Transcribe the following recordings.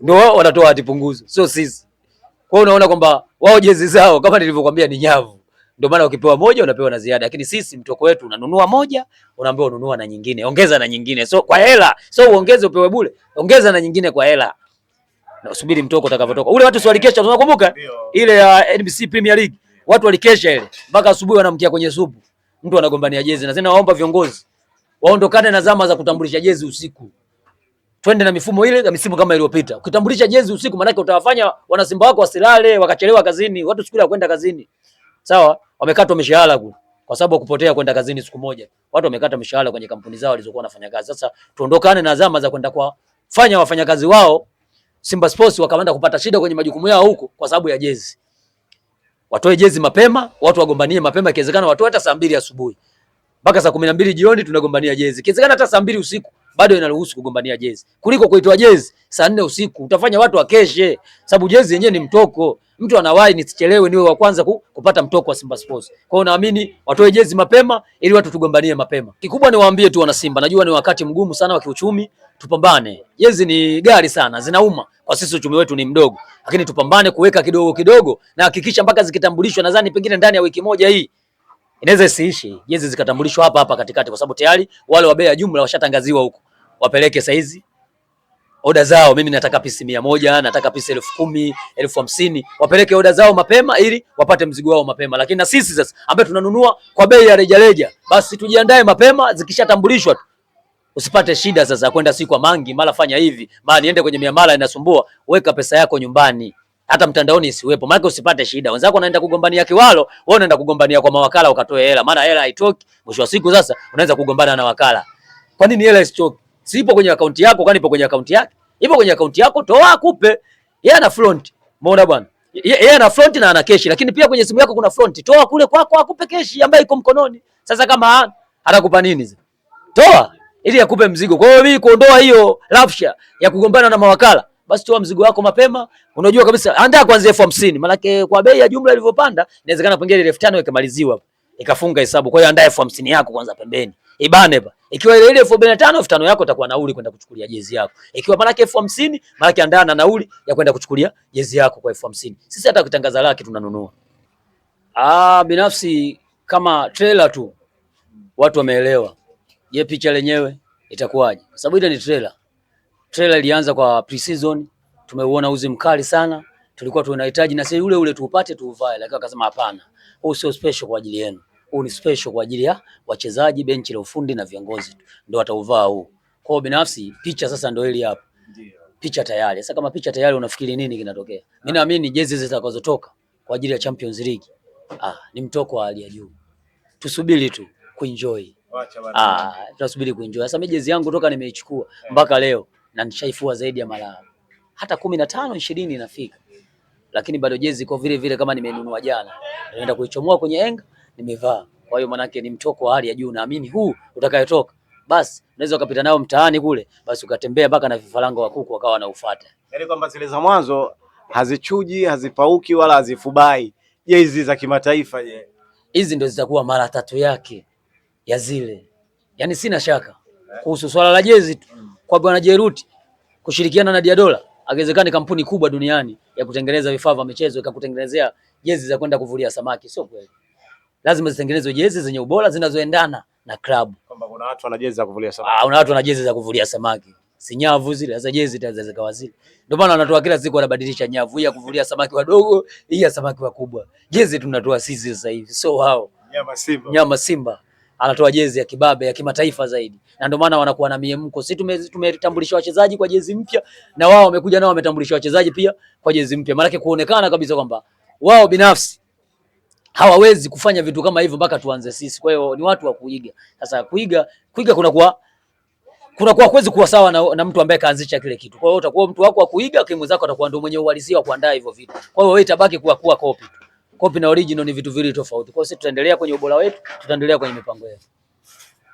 ndio wao wanatoa hati punguzo, sio sisi. Kwa hiyo unaona kwamba wao jezi zao kama nilivyokuambia ni nyavu, ndio maana ukipewa moja unapewa na ziada, lakini sisi mtoko wetu unanunua moja unaambiwa ununua na nyingine, ongeza na nyingine, so kwa hela, so uongeze upewe bure, ongeza na nyingine kwa hela na usubiri mtoko utakavyotoka ule. Watu walikesha, unakumbuka ile ya uh, NBC Premier League, watu walikesha ile mpaka asubuhi, wanamkia kwenye supu, mtu anagombania jezi. Na tena waomba viongozi waondokane na zama za kutambulisha jezi usiku twende na mifumo ile ya misimu kama iliyopita. Ukitambulisha jezi usiku, manake utawafanya wanasimba wako wasilale wakachelewa kazini, watu siku ya kwenda kazini. Sawa, wamekatwa mishahara ku kwa sababu kupotea kwenda kazini siku moja. Watu wamekata mishahara kwenye kampuni zao walizokuwa wanafanya kazi. Sasa tuondokane na zama za kwenda kwa fanya wafanyakazi wao Simba Sports wakaanza kupata shida kwenye majukumu yao huko kwa sababu ya jezi. Watoe jezi mapema, watu wagombanie mapema, ikiwezekana watoe hata saa mbili asubuhi mpaka saa kumi na mbili jioni tunagombania jezi, ikiwezekana hata saa mbili usiku bado inaruhusu kugombania jezi kuliko kuitoa jezi saa nne usiku. Utafanya watu wakeshe, sababu jezi yenyewe ni mtoko. Mtu anawahi, nisichelewe niwe wa kwanza kupata mtoko wa Simba Sports. Kwa hiyo naamini watoe jezi mapema ili watu tugombanie mapema. Kikubwa niwaambie tu wana Simba, najua ni wakati mgumu sana wa kiuchumi, tupambane. Jezi ni gari sana, zinauma kwa sisi, uchumi wetu ni mdogo, lakini tupambane kuweka kidogo kidogo na hakikisha mpaka zikitambulishwa, nadhani pengine ndani ya wiki moja hii inaweza isiishi jezi zikatambulishwa hapa hapa katikati, kwa sababu tayari wale wa bei ya jumla washatangaziwa huko wapeleke saizi oda zao. Mimi nataka pisi mia moja, nataka pisi elfu kumi, elfu hamsini. Wapeleke oda zao mapema ili wapate mzigo wao mapema. Lakini na sisi sasa ambaye tunanunua kwa bei ya rejareja, basi tujiandae mapema, zikishatambulishwa tu usipate shida sasa kwenda si kwa mangi mara fanya hivi mara niende kwenye miamala inasumbua. Weka pesa yako nyumbani, hata mtandaoni isiwepo, maana usipate shida. Wenzako wanaenda kugombania kiwalo, wewe unaenda kugombania kwa mawakala ukatoe hela, maana hela haitoki. Mwisho wa siku sasa unaanza kugombana na wakala. Kwa nini hela isitoki? Sipo kwenye akaunti yako, kwani ipo kwenye akaunti yake? Ipo kwenye akaunti yako, toa akupe. Yeye ana front. Umeona bwana? Yeye ana front na ana keshi, lakini pia kwenye simu yako kuna front. Toa kule kwako akupe keshi ambayo iko mkononi. Sasa kama atakupa nini sasa? Toa ili akupe mzigo. Kwa hiyo mimi kuondoa hiyo rafsha ya kugombana na mawakala, basi toa mzigo wako mapema. Unajua kabisa andaa kuanzia elfu hamsini. Maana kwa bei ya jumla ilivyopanda, inawezekana pengine ile elfu tano ikamaliziwa, ikafunga hesabu. Kwa hiyo andaa elfu hamsini yako kwanza pembeni. Ibane ba. Ikiwa ile ile elfu arobaini na tano elfu tano yako utakuwa nauli kwenda kuchukulia jezi yako. Ikiwa malaki elfu hamsini malaki andaa na nauli ya kwenda kuchukulia jezi yako kwa elfu hamsini Sisi hata kutangaza laki tunanunua. Ah, binafsi kama trailer tu watu wameelewa. Je, picha lenyewe itakuwaje? Kwa sababu ile ni trailer. Trailer ilianza kwa pre-season, tumeuona uzi mkali sana. Tulikuwa tunahitaji na sisi ule ule tuupate tuuvae, lakini akasema hapana. Huu sio special kwa ajili yenu huu ni special kwa ajili ya wachezaji, benchi la ufundi na viongozi ndio watauvaa huu. Kwa hiyo binafsi picha sasa ndio ile hapa. Ndio. Picha tayari. Sasa kama picha tayari unafikiri nini kinatokea? Mimi naamini jezi zitakazotoka kwa ajili ya Champions League. Ah, ni mtoko wa hali ya juu. Tusubiri tu kuenjoy. Wacha bwana. Ah, tunasubiri kuenjoy. Sasa mimi jezi yangu toka nimeichukua mpaka leo na nishaifua zaidi ya mara hata 15 20 inafika, lakini bado jezi iko vile vile kama nimenunua jana, naenda kuichomoa kwenye enga nimevaa. Kwa hiyo manake ni mtoko wa hali ya juu, naamini huu utakayotoka basi unaweza ukapita nao mtaani kule, basi ukatembea mpaka na vifaranga wa kuku wakawa wanaufuata, yaani kwamba zile za mwanzo hazichuji, hazipauki wala hazifubai. Je, hizi za kimataifa, je, hizi ndio zitakuwa mara tatu yake ya zile? Yaani sina shaka kuhusu swala la jezi tu kwa bwana Jeruti kushirikiana na Diadola, akiwezekani kampuni kubwa duniani ya kutengeneza vifaa vya michezo ikakutengenezea jezi za kwenda kuvulia samaki, sio kweli? lazima zitengenezwe jezi zenye ubora zinazoendana na klabu. Ah, kuna watu wana jezi za kuvulia samaki. Si nyavu zile, za jezi zitaweza zikawa zile. Ndio maana wanatoa kila siku wanabadilisha nyavu, ya kuvulia samaki wadogo, hii ya samaki wakubwa. Jezi tunatoa sisi sasa hivi, so wao. Nyama Simba. Nyama Simba anatoa jezi ya kibabe ya kimataifa zaidi, na ndio maana wanakuwa na miemko. Sisi tumetambulisha wachezaji kwa jezi mpya, na wao wamekuja nao wametambulisha wachezaji pia kwa jezi mpya, Maana kuonekana kabisa kwamba wao binafsi hawawezi kufanya vitu kama hivyo mpaka tuanze sisi. Kwa hiyo ni watu wa kuiga. Sasa kuiga kuiga kuna kuwa kuna kuwa kuwezi kuwa sawa na, na mtu ambaye kaanzisha kile kitu. Kwa hiyo utakuwa mtu wako wa kuiga, kwa zako atakuwa ndio mwenye uhalisia wa kuandaa hivyo vitu. Kwa hiyo wewe itabaki kuwa kuwa copy. Copy na original ni vitu viwili tofauti. Kwa hiyo sisi tutaendelea kwenye ubora wetu, tutaendelea kwenye mipango yetu.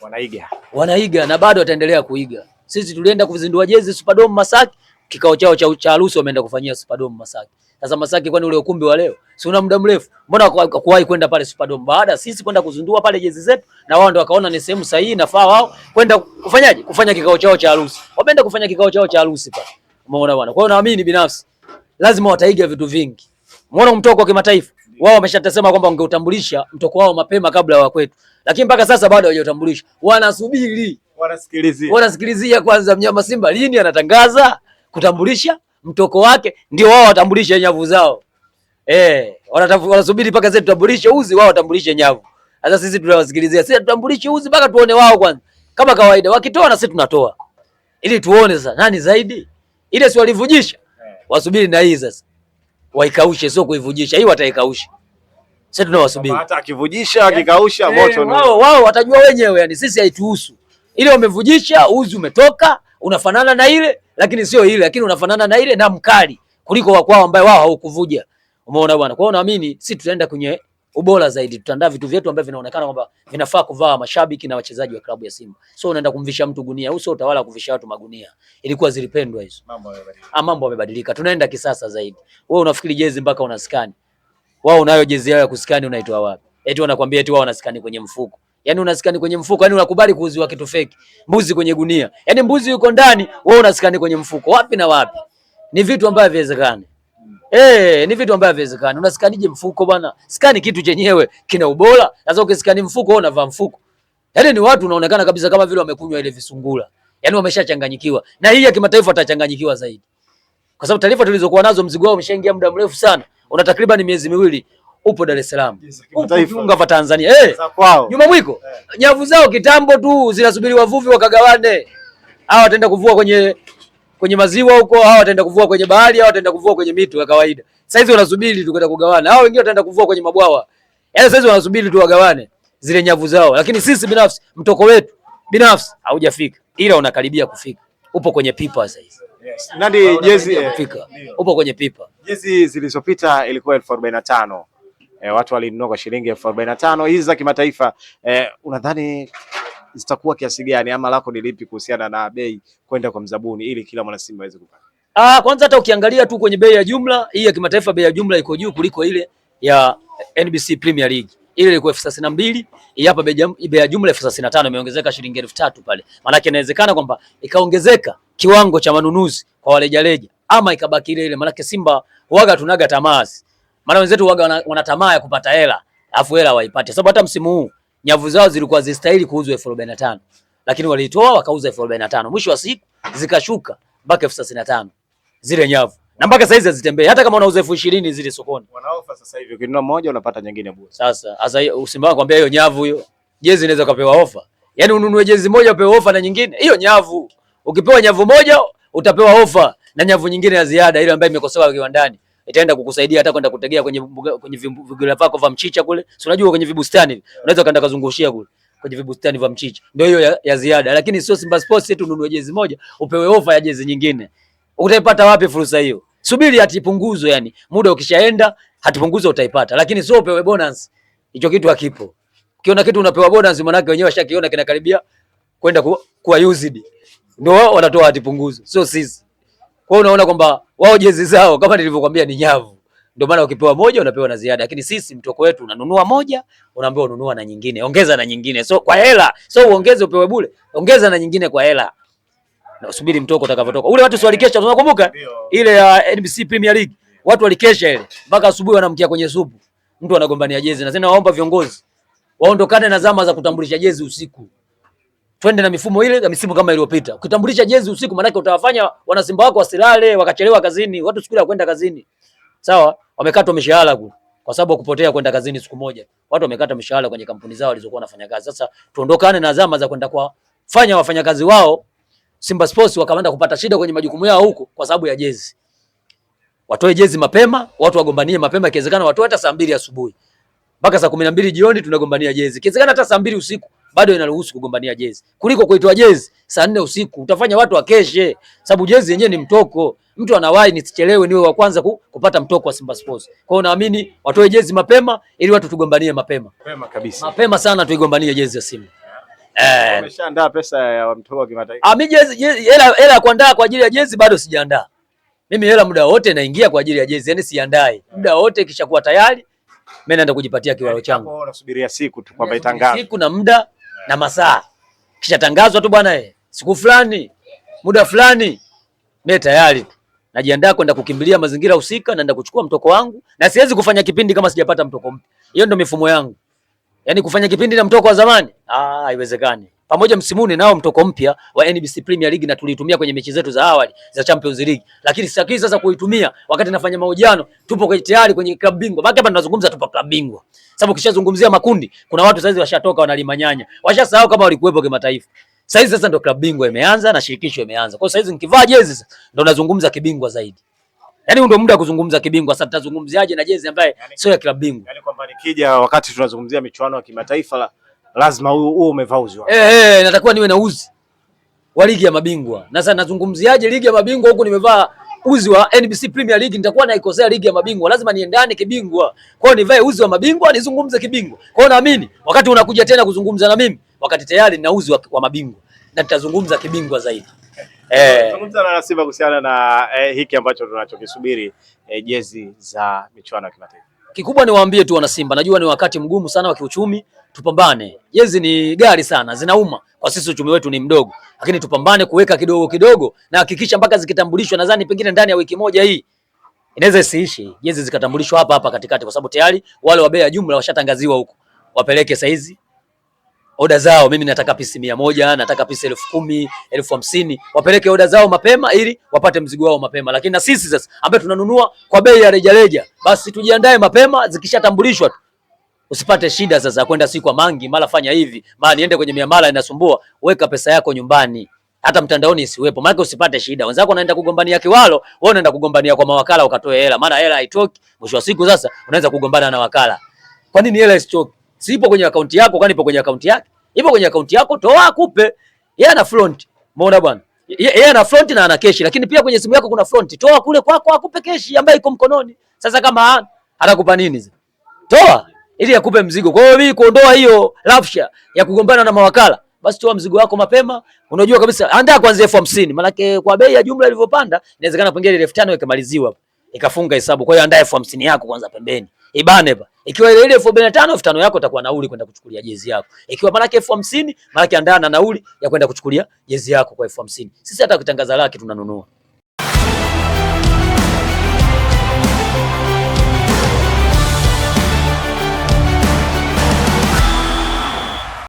Wanaiga. Wanaiga na bado wataendelea kuiga. Sisi tulienda kuzindua jezi Superdome Masaki, kikao chao cha harusi wameenda kufanyia Superdome Masaki. Sasa Masaki kwani ule ukumbi wa leo? si una muda mrefu, mbona kuwahi kwenda pale Superdome, baada sisi kwenda kuzindua pale jezi zetu, na wao ndio wakaona ni sehemu sahihi nafaa wao kwenda kufanyaje, kufanya kikao chao cha harusi. Wameenda kufanya kikao chao cha harusi pale, umeona bwana. Kwa hiyo naamini binafsi lazima wataiga vitu vingi. Umeona mtoko wa kimataifa wao wameshatasema kwamba wangeutambulisha mtoko wao mapema kabla ya kwetu, lakini mpaka sasa bado hawajautambulisha, wanasubiri wanasikilizia, wanasikilizia kwanza mnyama Simba lini anatangaza kutambulisha mtoko wake, ndio wao watambulisha nyavu zao. Eh, wanasubiri mpaka sisi tutambulishe uzi wao watambulishe nyavu. Sasa sisi tunawasikilizia. Sisi tutambulishe uzi mpaka tuone wao kwanza. Kama kawaida wakitoa na sisi tunatoa. Ili tuone sasa nani zaidi. Ile si walivujisha. Wasubiri na hii sasa. Waikaushe sio kuivujisha. Hii wataikausha. Sisi tunawasubiri. Hata akivujisha akikausha yeah, moto ni. Wao wao watajua wenyewe yani sisi haituhusu. Ile wamevujisha uzi umetoka unafanana na ile lakini sio ile lakini unafanana na ile na mkali kuliko wa kwao ambaye wao haukuvuja. Umeona bwana. Kwa hiyo naamini si tutaenda kwenye ubora zaidi, tutaandaa vitu vyetu ambavyo vinaonekana kwamba vinafaa kuvaa mashabiki na wachezaji wa klabu ya Simba. So unaenda kumvisha mtu gunia, uso utawala kuvisha watu magunia. Ilikuwa zilipendwa hizo. Mambo yamebadilika. Ah, mambo yamebadilika. Tunaenda kisasa zaidi. Wewe unafikiri jezi mpaka unaskani. Wao unayo jezi yao ya kuskani unaitoa wapi? Eti wanakuambia eti wao wanaskani kwenye mfuko. Yaani unasikani kwenye mfuko, yani unakubali kuuziwa kitu feki. Mbuzi kwenye gunia. Yaani mbuzi yuko ndani, wewe unasikani kwenye mfuko. Wapi na wapi? Ni vitu ambavyo haviwezekani. Eh, ni vitu ambavyo haviwezekani. Unaskanije mfuko bwana? Skani kitu chenyewe kina ubora. Sasa ukiskani mfuko wewe unavaa mfuko. Yaani ni watu unaonekana kabisa kama vile wamekunywa ile visungula. Yaani wameshachanganyikiwa. Na hii ya kimataifa watachanganyikiwa zaidi. Kwa sababu taarifa tulizokuwa nazo mzigo wao umeshaingia muda mrefu sana. Una takriban miezi miwili upo Dar es Salaam. Yes, upo viunga Tanzania. Eh. Nyuma mwiko. Eh. Nyavu zao kitambo tu zinasubiri wavuvi wakagawane. Hawa wataenda kuvua kwenye kwenye maziwa huko, hao wataenda kuvua kwenye bahari, hao wataenda kuvua kwenye mito ya kawaida. Sasa hizi wanasubiri tu kwenda kugawana, hao wengine wataenda kuvua kwenye mabwawa. Yaani sasa hizi wanasubiri tu wagawane zile nyavu zao, lakini sisi binafsi, mtoko wetu binafsi haujafika, ila unakaribia kufika, upo kwenye pipa sasa hizi. Nandi jezi eh, kufika, upo kwenye pipa. Jezi zilizopita ilikuwa elfu arobaini na tano. E, watu walinunua kwa shilingi elfu arobaini na tano hizi za kimataifa. E, unadhani zitakuwa kiasi gani ama lako ni lipi kuhusiana na bei kwenda kwa mzabuni ili kila mwana Simba aweze kupata? Ah, kwanza hata ukiangalia tu kwenye bei ya jumla hii ya kimataifa, bei ya jumla iko juu kuliko ile ya NBC Premier League. Ile ilikuwa elfu thelathini na mbili, hapa bei ya jumla elfu thelathini na tano imeongezeka shilingi elfu tatu pale. yake inawezekana kwamba ikaongezeka kiwango cha manunuzi kwa walejaleja ama ikabaki ile ile, maana yake Simba huaga tunaga tamaa. Maana wenzetu huaga wana ya kupata hela, afu hela waipate. Sababu hata msimu huu nyavu zao zilikuwa zistahili kuuzwa elfu arobaini na tano lakini walitoa wakauza elfu arobaini na tano mwisho wa siku zikashuka mpaka elfu thelathini na tano zile nyavu na mpaka sasa hizi hazitembei, hata kama unauza elfu ishirini zile sokoni wanaofa sasa hivi, ukinunua moja unapata nyingine bure. Sasa sasa usimba kwambia hiyo nyavu hiyo jezi inaweza kupewa ofa, yani ununue jezi moja upewe ofa na nyingine. Hiyo nyavu ukipewa nyavu moja utapewa ofa na nyavu nyingine ya ziada, ile ambayo imekosewa kiwandani itaenda kukusaidia hata kwenda kutegea kwenye kwenye vigula vako vya mchicha kule. Si unajua kwenye vibustani unaweza kaenda kuzungushia kule kwenye vibustani vya mchicha, ndio hiyo ya, ya ziada. Lakini sio Simba Sports tu ununue jezi moja upewe ofa ya jezi nyingine, utaipata wapi fursa hiyo? Subiri hati yani muda ukishaenda hati utaipata, lakini sio upewe bonus. Hicho kitu hakipo. Ukiona kitu unapewa bonus, maana yake wenyewe washakiona kinakaribia kwenda kuwa, kuwa used, ndio wao wanatoa hati sio sisi. Kwa hiyo unaona kwamba wao jezi zao kama nilivyokuambia ni nyavu, ndio maana ukipewa moja unapewa na ziada, lakini sisi mtoko wetu unanunua moja unaambiwa ununua na nyingine, ongeza na nyingine, so kwa hela, so uongeze upewe bure, ongeza na nyingine kwa hela na usubiri mtoko utakavyotoka ule. Watu swali kesha, unakumbuka ile ya uh, NBC Premier League, watu walikesha ile mpaka asubuhi, wanamkia kwenye supu, mtu anagombania jezi. Na tena waomba viongozi waondokane na zama za kutambulisha jezi usiku twende na mifumo ile ya misimu kama iliyopita. Ukitambulisha jezi usiku, maanake utawafanya wanasimba wako wasilale wakachelewa kazini. Watu siku ya kwenda kazini, sawa, wamekatwa mishahara ku kwa sababu kupotea kwenda kazini siku moja, watu wamekata mishahara kwenye kampuni zao walizokuwa wanafanya kazi. Sasa tuondokane na zama za kwenda kwa fanya wafanyakazi wao Simba Sports wakaanza kupata shida kwenye majukumu yao huko kwa sababu ya jezi. Watoe jezi mapema, watu wagombanie mapema, ikiwezekana watoe hata saa mbili asubuhi mpaka saa kumi na mbili jioni tunagombania jezi, ikiwezekana hata saa mbili usiku bado inaruhusu kugombania jezi kuliko kuitoa jezi saa nne usiku. Utafanya watu wakeshe, sababu jezi yenyewe ni mtoko. Mtu anawahi, nisichelewe niwe wa kwanza kupata mtoko wa Simba Sports. Kwa hiyo naamini watoe jezi mapema ili watu tugombanie mapema mapema kabisa, mapema sana tuigombanie jezi ya Simba. Eh, umeshaandaa eh. pesa ya mtoko kimataifa? Ah, mimi jezi hela hela ya kuandaa kwa ajili ya jezi bado sijaandaa mimi. Hela muda wote naingia kwa ajili ya jezi, yani siandai muda wote, kisha kuwa tayari mimi naenda kujipatia kiwalo yaani changu. Unasubiria siku tu kwamba itangazwe, siku na muda na masaa, kisha tangazwa tu bwana, eh, siku fulani, muda fulani, mimi tayari najiandaa kwenda kukimbilia mazingira husika, naenda kuchukua mtoko wangu, na siwezi kufanya kipindi kama sijapata mtoko mpya. Hiyo ndio mifumo yangu, yaani kufanya kipindi na mtoko wa zamani, ah, haiwezekani pamoja msimuni nao mtoko mpya wa NBC Premier League na tulitumia kwenye mechi zetu za awali za Champions League, lakini sasa sasa kuitumia wakati nafanya mahojiano, tupo kwa tayari kwenye klabu bingwa. Baki hapa tunazungumza, tupo klabu bingwa, sababu kishazungumzia makundi. Kuna watu sasa washatoka wanalima nyanya, washasahau kama walikuwepo kimataifa. Sasa sasa ndo klabu bingwa imeanza na shirikisho imeanza, kwa hiyo sasa nikivaa jezi sasa ndo nazungumza kibingwa zaidi. Yaani ndo muda wa kuzungumza kibingwa. Sasa tutazungumziaje na jezi ambaye yani, sio ya klabu bingwa? Yaani kwamba nikija wakati tunazungumzia michuano ya kimataifa lazima huo umevaa uzi wako. Eh, eh, natakuwa niwe na uzi wa ligi ya mabingwa. Na sasa nazungumziaje ligi ya mabingwa huku nimevaa uzi wa NBC Premier League? Nitakuwa naikosea ligi ya mabingwa, lazima niendane kibingwa. Kwa hiyo nivae uzi wa mabingwa, nizungumze kibingwa. Kwa hiyo naamini wakati unakuja tena kuzungumza na mimi, wakati tayari nina uzi wa, wa mabingwa na nitazungumza kibingwa zaidi. Eh, tunazungumza na Simba kuhusiana na eh, hiki ambacho tunachokisubiri, eh, jezi za michuano ya kimataifa. Kikubwa niwaambie tu wana Simba, najua ni wakati mgumu sana wa kiuchumi, tupambane. Jezi ni gari sana, zinauma kwa sisi, uchumi wetu ni mdogo, lakini tupambane kuweka kidogo kidogo na hakikisha mpaka zikitambulishwa. Nadhani pengine ndani ya wiki moja hii inaweza isiishi jezi zikatambulishwa hapa hapa katikati, kwa sababu tayari wale wa bei ya jumla washatangaziwa huko, wapeleke saizi oda zao, mimi nataka pisi mia moja, nataka pisi elfu kumi, elfu hamsini, wapeleke oda zao mapema ili wapate mzigo wao mapema. Lakini na sisi sasa ambaye tunanunua kwa bei ya rejareja, basi tujiandae mapema, zikishatambulishwa tu usipate shida sasa kwenda si kwa mangi mara fanya hivi mara niende kwenye miamala inasumbua. Weka pesa yako nyumbani, hata mtandaoni isiwepo, maana usipate shida. Wenzako wanaenda kugombania kiwalo, wewe unaenda kugombania kwa mawakala ukatoe hela, maana hela haitoki. Mwisho wa siku sasa unaweza kugombana na wakala. Kwa nini hela isitoki? Si ipo kwenye akaunti yako, kwani ipo kwenye akaunti yake? Ipo kwenye akaunti yako, toa akupe. Yeye ana front. Umeona bwana? Yeye ana front na ana keshi, lakini pia kwenye simu yako kuna front. Toa kule kwako akupe keshi ambayo iko mkononi. Sasa kama atakupa nini sasa? Toa ili akupe mzigo. Kwa hiyo mimi kuondoa hiyo rafsha ya kugombana na mawakala. Basi toa mzigo wako mapema. Unajua kabisa andaa kwanza elfu hamsini. Maana kwa bei ya jumla ilivyopanda, inawezekana pengine ile elfu tano ikamaliziwa. Ikafunga hesabu. Kwa hiyo andaa elfu hamsini yako kwanza pembeni ibane ba. Ikiwa ile ile elfu arobaini na tano elfu tano yako itakuwa nauli kwenda kuchukulia jezi yako. Ikiwa maana yake elfu hamsini maana yake andaa na nauli ya kwenda kuchukulia jezi yako kwa elfu hamsini. Sisi hata kutangaza laki tunanunua.